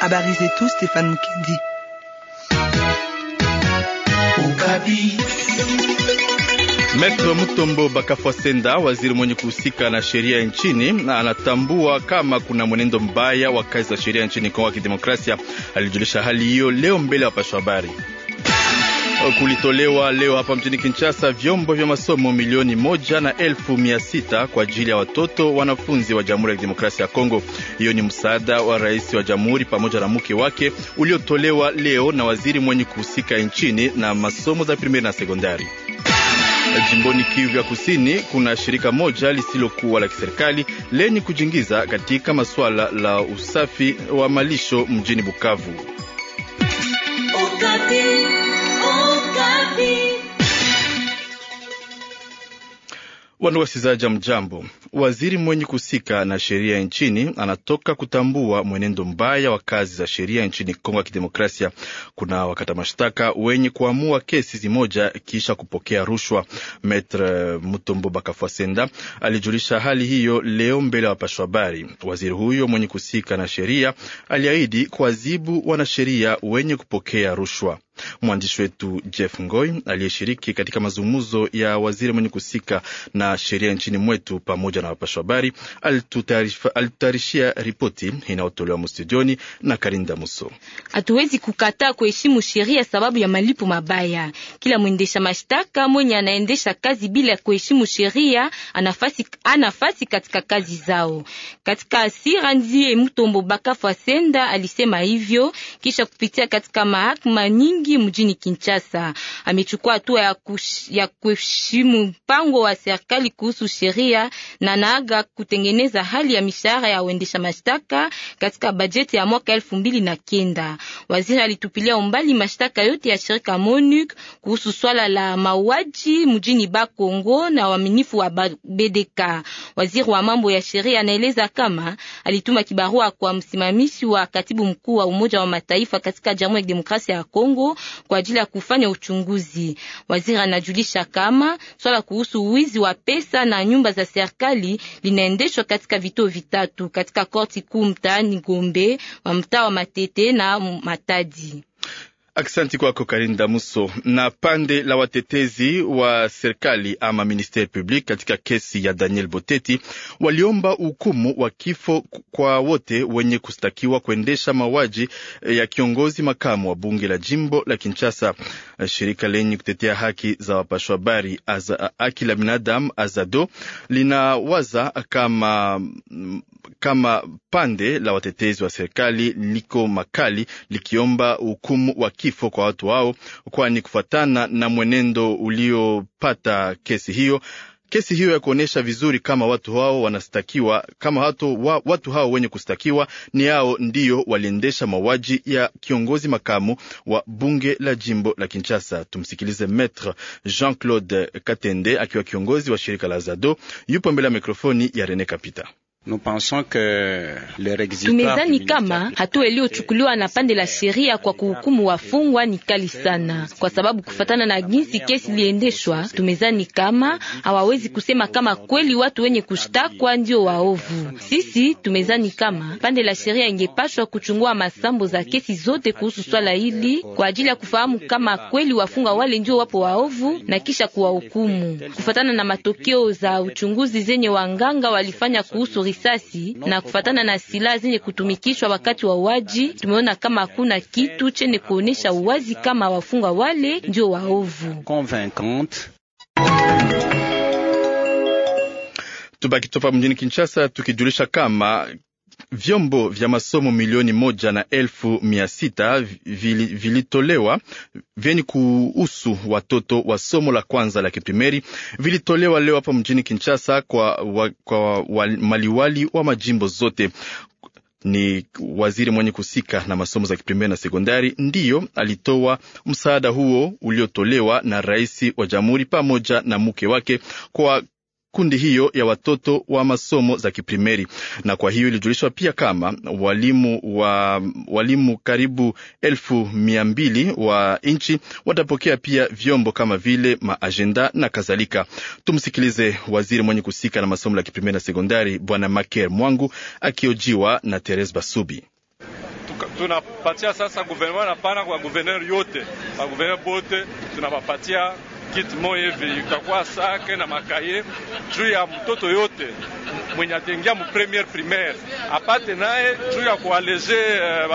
Habari zetu Stéphane Mukendi. Okapi. Maître Mutombo Bakafwa Senda, waziri mwenye kuhusika na sheria nchini, anatambua kama kuna mwenendo mbaya wa kazi za sheria nchini Kongo ya Kidemokrasia. Alijulisha hali hiyo leo mbele ya wapasha habari kulitolewa leo hapa mjini Kinshasa vyombo vya masomo milioni moja na elfu mia sita kwa ajili ya watoto wanafunzi wa Jamhuri ya Kidemokrasia ya Kongo. Hiyo ni msaada wa rais wa jamhuri pamoja na mke wake uliotolewa leo na waziri mwenye kuhusika nchini na masomo za primeri na sekondari. Jimboni Kivu ya Kusini kuna shirika moja lisilokuwa la kiserikali lenye kujingiza katika masuala la usafi wa malisho mjini Bukavu. Wandugu wasikilizaji, mjambo. Waziri mwenye kuhusika na sheria nchini anatoka kutambua mwenendo mbaya wa kazi za sheria nchini Kongo ya Kidemokrasia. Kuna wakata mashtaka wenye kuamua kesi zimoja kisha kupokea rushwa. Metre Mutombo Bakafwasenda alijulisha hali hiyo leo mbele ya wapashwa habari. Waziri huyo mwenye kuhusika na sheria aliahidi kuwazibu wanasheria wenye kupokea rushwa. Mwandishi wetu Jeff ngoy aliyeshiriki katika mazungumzo ya waziri mwenye kuhusika na sheria nchini mwetu pamoja na wapasha habari alitutayarishia ripoti inayotolewa mustudioni na Karinda Muso. Hatuwezi kukataa kuheshimu sheria sababu ya malipo mabaya. Kila mwendesha mashtaka mwenye anaendesha kazi bila kuheshimu sheria anafasi, anafasi katika kazi zao. Katika asira ndiye Mtombo Bakafu Asenda alisema hivyo kisha kupitia katika mahakama nyingi nyingi mjini Kinshasa. Amechukua hatua ya, ya kuheshimu mpango wa serikali kuhusu sheria na naaga kutengeneza hali ya mishahara ya uendesha mashtaka katika bajeti ya mwaka elfu mbili na kenda. Waziri alitupilia umbali mashtaka yote ya shirika MONUC kuhusu swala la mauaji mjini Bakongo na waminifu wa BDK. Waziri wa mambo ya sheria anaeleza kama alituma kibarua kwa msimamishi wa katibu mkuu wa Umoja wa Mataifa katika Jamhuri ya Demokrasia ya Kongo kwa ajili ya kufanya uchunguzi. Waziri anajulisha kama swala kuhusu wizi wa pesa na nyumba za serikali linaendeshwa katika vituo vitatu katika korti kuu mtaani Gombe wa mtaa wa Matete na Matadi. Aksanti kwako Karinda Muso. Na pande la watetezi wa serikali ama ministeri public katika kesi ya Daniel Boteti waliomba hukumu wa kifo kwa wote wenye kustakiwa kuendesha mauaji eh, ya kiongozi makamu wa bunge la jimbo la Kinshasa. Eh, shirika lenye kutetea haki za wapashwa habari haki la binadamu Azado linawaza kama mm, kama pande la watetezi wa serikali liko makali likiomba hukumu wa kifo kwa watu hao, kwani kufuatana na mwenendo uliopata kesi hiyo kesi hiyo ya kuonyesha vizuri kama watu hao wanastakiwa kama watu, wa, watu hao wenye kustakiwa ni hao ndiyo waliendesha mauaji ya kiongozi makamu wa bunge la jimbo la Kinshasa. Tumsikilize Maitre Jean Claude Katende akiwa kiongozi wa shirika la Zado, yupo mbele ya mikrofoni ya Rene Kapita. Tumezani kama hatua iliyochukuliwa na pande la sheria kwa kuhukumu wafungwa ni kali sana, kwa sababu kufatana na jinsi kesi iliendeshwa, tumezani kama hawawezi kusema kama kweli watu wenye kushtakwa ndio waovu. Sisi tumezani kama pande la sheria ingepashwa kuchungua masambo za kesi zote kuhusu swala hili kwa ajili ya kufahamu kama kweli wafungwa wale ndio wapo waovu na kisha kuwahukumu kufatana na matokeo za uchunguzi zenye wanganga walifanya kuhusu risasi na kufatana na silaha zenye kutumikishwa wakati wa waji. Tumeona kama hakuna kitu chene kuonesha uwazi kama wafungwa wale ndio waovu. Tubaki topa mjini Kinshasa tukijulisha kama vyombo vya masomo milioni moja na elfu mia sita vilitolewa vili vyenye kuhusu watoto wa somo la kwanza la kiprimeri vilitolewa leo hapa mjini Kinshasa kwa, wa, kwa wa, maliwali wa majimbo zote ni waziri mwenye kuhusika na masomo za kiprimeri na sekondari ndiyo alitoa msaada huo uliotolewa na rais wa jamhuri pamoja na mke wake kwa kundi hiyo ya watoto wa masomo za kiprimeri, na kwa hiyo ilijulishwa pia kama walimu, wa, walimu karibu elfu mia mbili wa nchi watapokea pia vyombo kama vile maajenda na kadhalika. Tumsikilize waziri mwenye kuhusika na masomo la kiprimeri na sekondari Bwana Maker Mwangu akiojiwa na Teres Basubi. Tunapatia sasa guvernema napana kwa guverner yote, maguverner bote tunapapatia kitu moja hivi ikakuwa sake na makaye juu ya mtoto yote mwenye atengia mu premier primaire apate naye juu ya kualeze eh,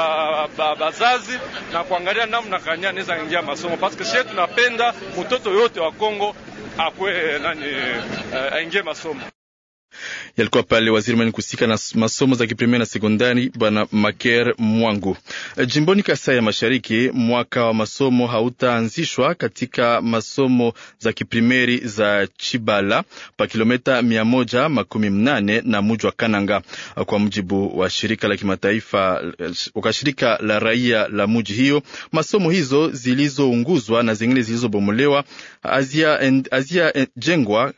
bazazi na kuangalia namna kanya anaweza ingia masomo, paske sie tunapenda mtoto yote wa Kongo akwe eh, nani eh, aingie masomo yalikuwa pale waziri mwenye kuhusika na masomo za kiprimia na sekondari Bwana Maker Mwangu. E, jimboni Kasai ya Mashariki, mwaka wa masomo hautaanzishwa katika masomo za kiprimeri za Chibala pa kilometa mia moja makumi mnane na muji wa Kananga, e, kwa mujibu wa shirika la kimataifa e, kwa shirika la raia la muji hiyo. Masomo hizo zilizounguzwa na zingine zilizobomolewa hazijajengwa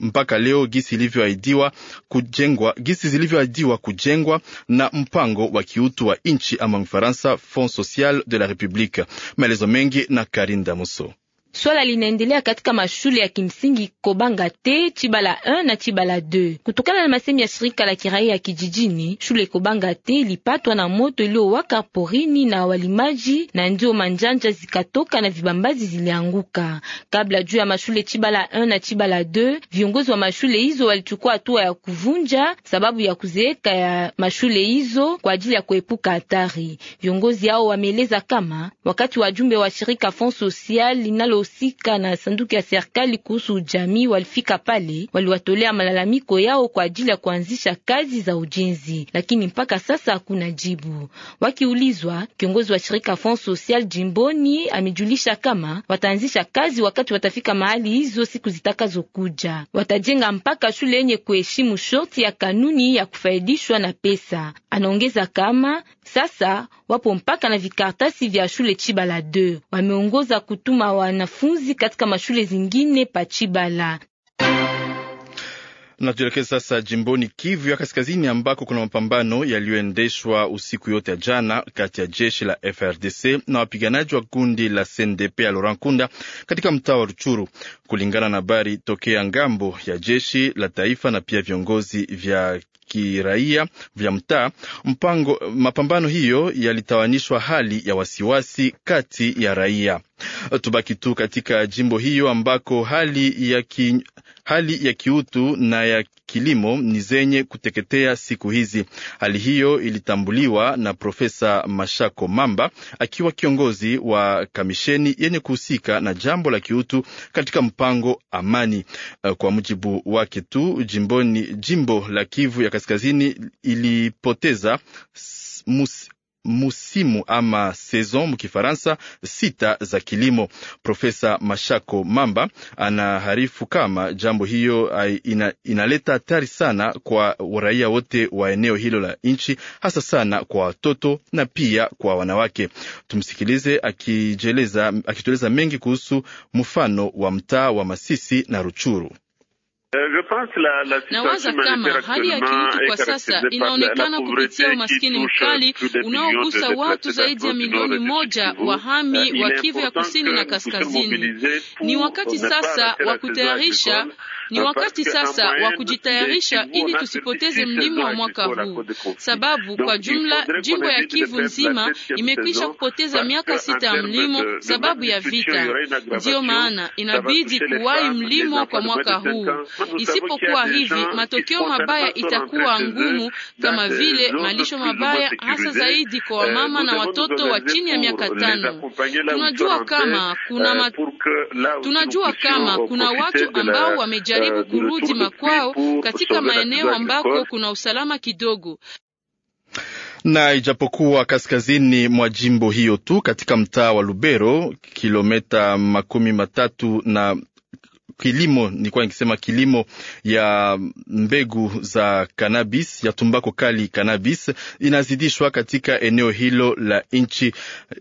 mpaka leo gisi ilivyoahidiwa kujengwa, gisi zilivyoahidiwa kujengwa na mpango wa kiutu wa nchi ama Mfaransa Fond Social de la Republique. Maelezo mengi na Karinda Muso. Swala linaendelea katika mashule ya kimsingi Kobanga te Chibala 1 na Chibala 2. Kutokana na masemi ya shirika la kiraia ya kijijini, shule Kobanga te ilipatwa na moto iliyowaka porini na walimaji, na ndio manjanja zikatoka na vibambazi zilianguka. Kabla juu ya mashule Chibala 1 na Chibala 2, viongozi wa mashule hizo walichukua hatua ya kuvunja sababu ya kuzeeka ya mashule hizo kwa ajili ya kuepuka hatari. Viongozi hao wameeleza kama wakati wajumbe wa shirika Fonds Social linalo wanaohusika na sanduku ya serikali kuhusu jamii walifika pale, waliwatolea malalamiko yao kwa ajili ya kuanzisha kazi za ujenzi, lakini mpaka sasa hakuna jibu. Wakiulizwa, kiongozi wa shirika Fond Social jimboni amejulisha kama wataanzisha kazi wakati watafika mahali hizo siku zitakazokuja. Watajenga mpaka shule yenye kuheshimu shoti ya kanuni ya kufaidishwa na pesa. Anaongeza kama sasa wapo mpaka na vikartasi vya shule Chibala 2 wameongoza kutuma wana wanafunzi katika mashule zingine Pachibala. Natuelekeza sasa jimboni Kivu ya Kaskazini, ambako kuna mapambano yaliyoendeshwa usiku yote ya jana kati ya jeshi la FRDC na wapiganaji wa kundi la CNDP ya Laurent kunda katika mtaa wa Ruchuru, kulingana na habari tokea ngambo ya jeshi la taifa na pia viongozi vya kiraia vya mtaa. Mpango mapambano hiyo yalitawanishwa hali ya wasiwasi kati ya raia Tubaki tu katika jimbo hiyo ambako hali ya, ki, hali ya kiutu na ya kilimo ni zenye kuteketea siku hizi. Hali hiyo ilitambuliwa na Profesa Mashako Mamba akiwa kiongozi wa kamisheni yenye kuhusika na jambo la kiutu katika mpango Amani. Eh, kwa mujibu wake tu jimboni, jimbo la Kivu ya Kaskazini ilipoteza musimu ama saison mkifaransa sita za kilimo. Profesa Mashako Mamba anaharifu kama jambo hiyo ina, inaleta hatari sana kwa raia wote wa eneo hilo la nchi, hasa sana kwa watoto na pia kwa wanawake. Tumsikilize akitueleza mengi kuhusu mfano wa mtaa wa Masisi na Ruchuru. Euh, Nawaza kama hali ya kiutu kwa sasa inaonekana kupitia umaskini mkali unaogusa watu zaidi ya milioni moja wahami wa euh, Kivu ya kusini na kaskazini. Ni wakati sasa wa kutayarisha ni euh, wakati sasa wa kujitayarisha ili tusipoteze mlimo wa mwaka huu, sababu kwa jumla jimbo ya Kivu nzima imekwisha kupoteza miaka sita ya mlimo sababu ya vita. Ndiyo maana inabidi kuwahi mlimo kwa mwaka huu. Isipokuwa hivi, matokeo mabaya itakuwa ngumu, kama vile malisho mabaya, hasa zaidi kwa wamama eh, na watoto wa chini ya miaka tano. Tunajua kama kuna eh, ma... tunajua kama kuna watu ambao wamejaribu euh, kurudi makwao katika maeneo ambako kuna usalama kidogo na ijapokuwa kaskazini mwa jimbo hiyo tu katika mtaa wa Lubero kilometa makumi matatu na kilimo, nilikuwa nikisema kilimo ya mbegu za cannabis ya tumbako kali cannabis inazidishwa katika eneo hilo la nchi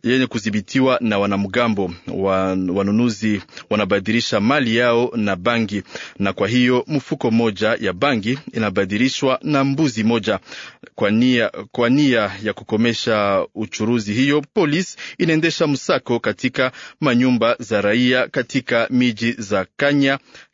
yenye kudhibitiwa na wanamgambo. Wan, wanunuzi wanabadilisha mali yao na bangi, na kwa hiyo mfuko moja ya bangi inabadilishwa na mbuzi moja. Kwa nia, kwa nia ya kukomesha uchuruzi hiyo, polisi inaendesha msako katika manyumba za raia katika miji za Kanya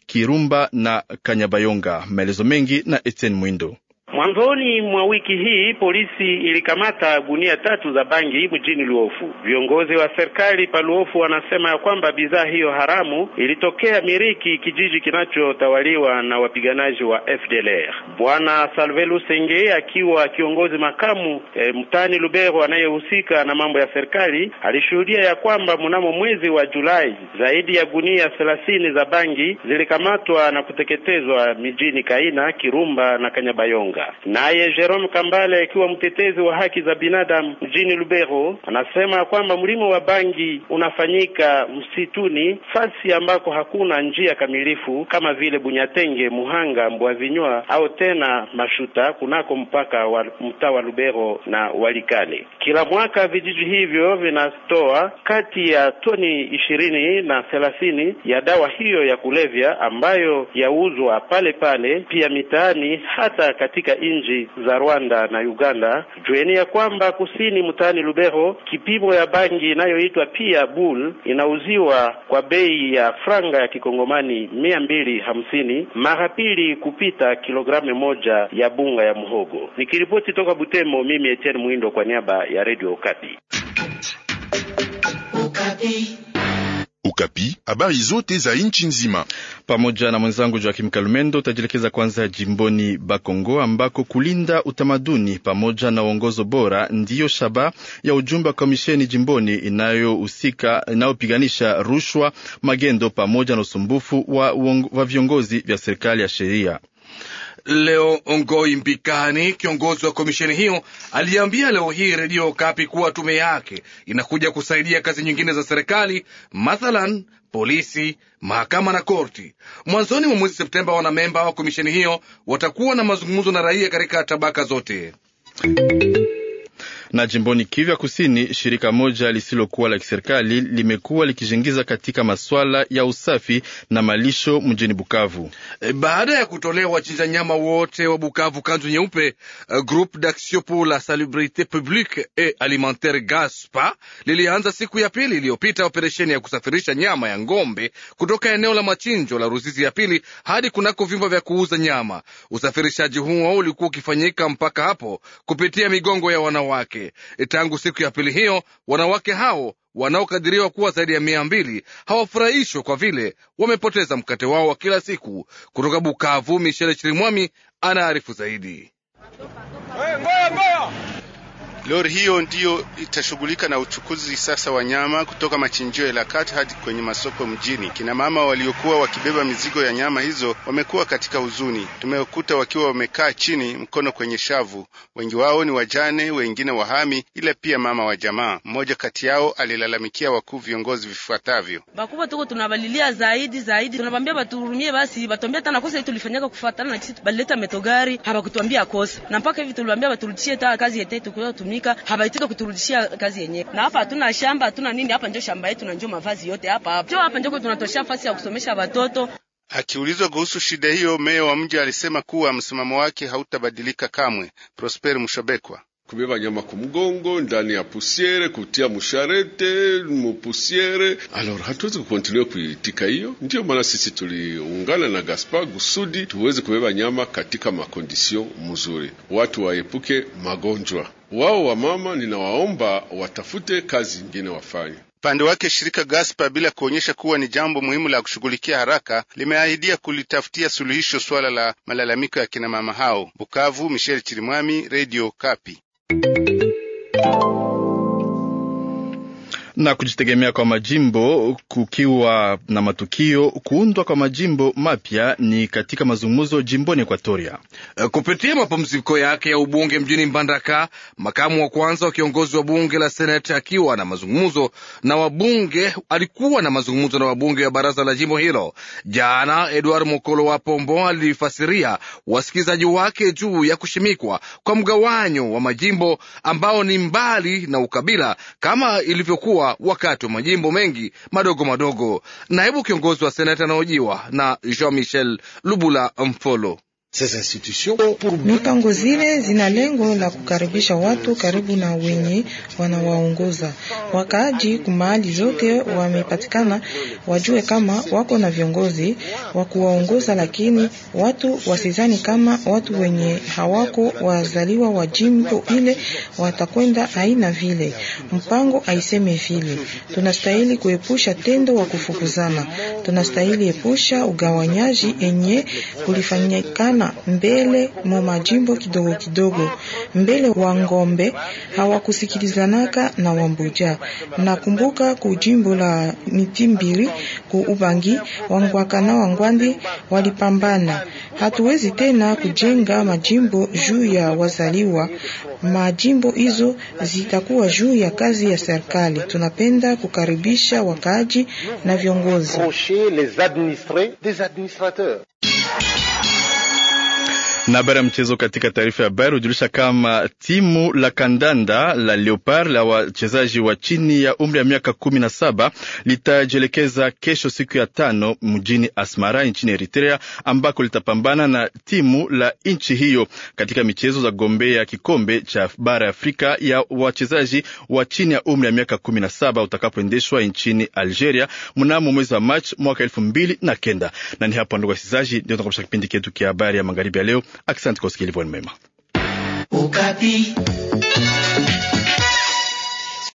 Kirumba na Kanyabayonga. Maelezo mengi na Etienne Mwindo. Mwanzoni mwa wiki hii polisi ilikamata gunia tatu za bangi mjini Luofu. Viongozi wa serikali pa Luofu wanasema ya kwamba bidhaa hiyo haramu ilitokea Miriki, kijiji kinachotawaliwa na wapiganaji wa FDLR. Bwana Salve Lusenge akiwa kiongozi makamu e, eh, mtani Lubero anayehusika na mambo ya serikali alishuhudia ya kwamba mnamo mwezi wa Julai zaidi ya gunia thelathini za bangi zilikamatwa na kuteketezwa mijini Kaina, Kirumba na Kanyabayonga. Kampala. Naye Jerome Kambale akiwa mtetezi wa haki za binadamu mjini Lubero anasema kwamba mlimo wa bangi unafanyika msituni, fasi ambako hakuna njia kamilifu kama vile Bunyatenge, Muhanga, Mbwavinywa au tena Mashuta kunako mpaka wa mtaa wa Lubero na Walikale. Kila mwaka vijiji hivyo vinatoa kati ya toni ishirini na thelathini ya dawa hiyo ya kulevya ambayo yauzwa pale pale pia mitaani hata katika katika nchi za Rwanda na Uganda, jueni ya kwamba kusini mtaani Lubero, kipimo ya bangi inayoitwa pia bull inauziwa kwa bei ya franga ya kikongomani mia mbili hamsini mara pili kupita kilogramu moja ya bunga ya mhogo. Nikiripoti toka Butembo, mimi Etienne Mwindo kwa niaba ya Radio Okapi. Okapi. Okapi habari zote za nchi nzima, pamoja na mwenzangu Joakim Kalumendo. tajelekeza kwanza jimboni Bakongo ambako kulinda utamaduni pamoja na uongozo bora ndiyo shaba ya ujumbe wa komisheni jimboni inayohusika inayopiganisha rushwa, magendo pamoja na usumbufu wa, wa viongozi vya serikali ya sheria Leo Ongoi mbikani kiongozi wa komisheni hiyo, aliambia leo hii Redio Kapi kuwa tume yake inakuja kusaidia kazi nyingine za serikali, mathalan polisi, mahakama na korti. Mwanzoni mwa mwezi Septemba, wanamemba wa komisheni hiyo watakuwa na mazungumzo na raia katika tabaka zote na jimboni Kivu Kusini, shirika moja lisilokuwa la kiserikali limekuwa likizingiza katika maswala ya usafi na malisho mjini Bukavu. E, baada ya kutolea wachinja nyama wote wa Bukavu kanzu nyeupe, e, Groupe d'Action pour la Salubrite Publique et Alimentaire GASPA lilianza siku ya pili iliyopita operesheni ya kusafirisha nyama ya ngombe kutoka eneo la machinjo la Ruzizi ya pili hadi kunako vyumba vya kuuza nyama. Usafirishaji huo ulikuwa ukifanyika mpaka hapo kupitia migongo ya wanawake wanawake. E, tangu siku ya pili hiyo, wanawake hao wanaokadiriwa kuwa zaidi ya mia mbili hawafurahishwa kwa vile wamepoteza mkate wao wa kila siku. Kutoka Bukavu, Mishele Chirimwami anaarifu zaidi. Lori hiyo ndiyo itashughulika na uchukuzi sasa wa nyama kutoka machinjio ya Lakat hadi kwenye masoko mjini. Kina mama waliokuwa wakibeba mizigo ya nyama hizo wamekuwa katika huzuni, tumekuta wakiwa wamekaa chini, mkono kwenye shavu. Wengi wao ni wajane, wengine wahami, ila pia mama wa jamaa. Mmoja kati yao alilalamikia wakuu viongozi vifuatavyo: bakubwa tuko tunabalilia zaidi zaidi, tunabambia baturumie basi batuambia tena kosa tulifanyaka kufuatana na sisi balileta metogari, habakutuambia kosa na mpaka hivi tuliambia baturudishie taa kazi yetu tukuyo kutumika, habaitika kuturudishia kazi yenyewe. Na hapa hatuna shamba, hatuna nini, hapa ndio shamba yetu na ndio mavazi yote hapa hapa. Ndio hapa ndio tunatosha nafasi ya kusomesha watoto. Akiulizwa kuhusu shida hiyo, meya wa mji alisema kuwa msimamo wake hautabadilika kamwe. Prosper mshobekwa kubeba nyama ku ndani ya pusiere, kutia musharete mupusiere. Alors hatuwezi kukontinue kuitika hiyo, ndiyo maana sisi tuliungana na Gaspar gusudi tuweze kubeba nyama katika makondisio mzuri, watu waepuke magonjwa. Wao wamama, ninawaomba watafute kazi ingine wafanye. Upande wake shirika Gaspa, bila kuonyesha kuwa ni jambo muhimu la kushughulikia haraka, limeahidia kulitafutia suluhisho suala la malalamiko ya kinamama hao. Bukavu, Michel Chirimwami, Radio Kapi. thank you na kujitegemea kwa majimbo kukiwa na matukio. Kuundwa kwa majimbo mapya ni katika mazungumzo jimboni Ekwatoria. Eh, kupitia mapumziko yake ya ubunge mjini Mbandaka, makamu wa kwanza wa kiongozi wa bunge la senet akiwa na mazungumzo na wabunge, alikuwa na mazungumzo na wabunge wa baraza la jimbo hilo jana. Edward Mokolo wa Pombo alifasiria wasikilizaji wake juu ya kushimikwa kwa mgawanyo wa majimbo ambao ni mbali na ukabila kama ilivyokuwa wakati wa majimbo mengi madogo madogo. Naibu kiongozi wa senati anahojiwa na Jean Michel Lubula Mfolo. Mipango zile zina lengo la kukaribisha watu karibu na wenye wanawaongoza. Wakaaji kumahali zote wamepatikana, wajue kama wako na viongozi wa kuwaongoza, lakini watu wasizani kama watu wenye hawako wazaliwa wa jimbo ile watakwenda. aina vile mpango aiseme vile. Tunastahili kuepusha tendo wa kufukuzana, tunastahili epusha ugawanyaji enye kulifanyikana kupatikana mbele mwa majimbo kidogo kidogo, mbele wa ngombe hawakusikilizanaka na Wambuja. Nakumbuka kujimbo la Mitimbiri ku Ubangi, Wangwaka na Wangwandi walipambana. Hatuwezi tena kujenga majimbo juu ya wazaliwa. Majimbo hizo zitakuwa juu ya kazi ya serikali. Tunapenda kukaribisha wakaji na viongozi. Na habari ya mchezo katika taarifa ya habari hujulisha kama timu la kandanda la Leopard la wachezaji wa chini ya umri ya miaka kumi na saba litajielekeza kesho siku ya tano mjini Asmara nchini Eritrea, ambako litapambana na timu la nchi hiyo katika michezo za gombea kikombe cha bara Afrika ya wachezaji wa chini ya umri ya miaka kumi na saba utakapoendeshwa nchini Algeria mnamo mwezi wa Machi mwaka elfu mbili na kenda. Na ni hapo ndugu wasikilizaji, ndio tunakamilisha kipindi chetu kia habari ya magharibi ya leo. Asante kwa usikilivu wenu mema. Ukati.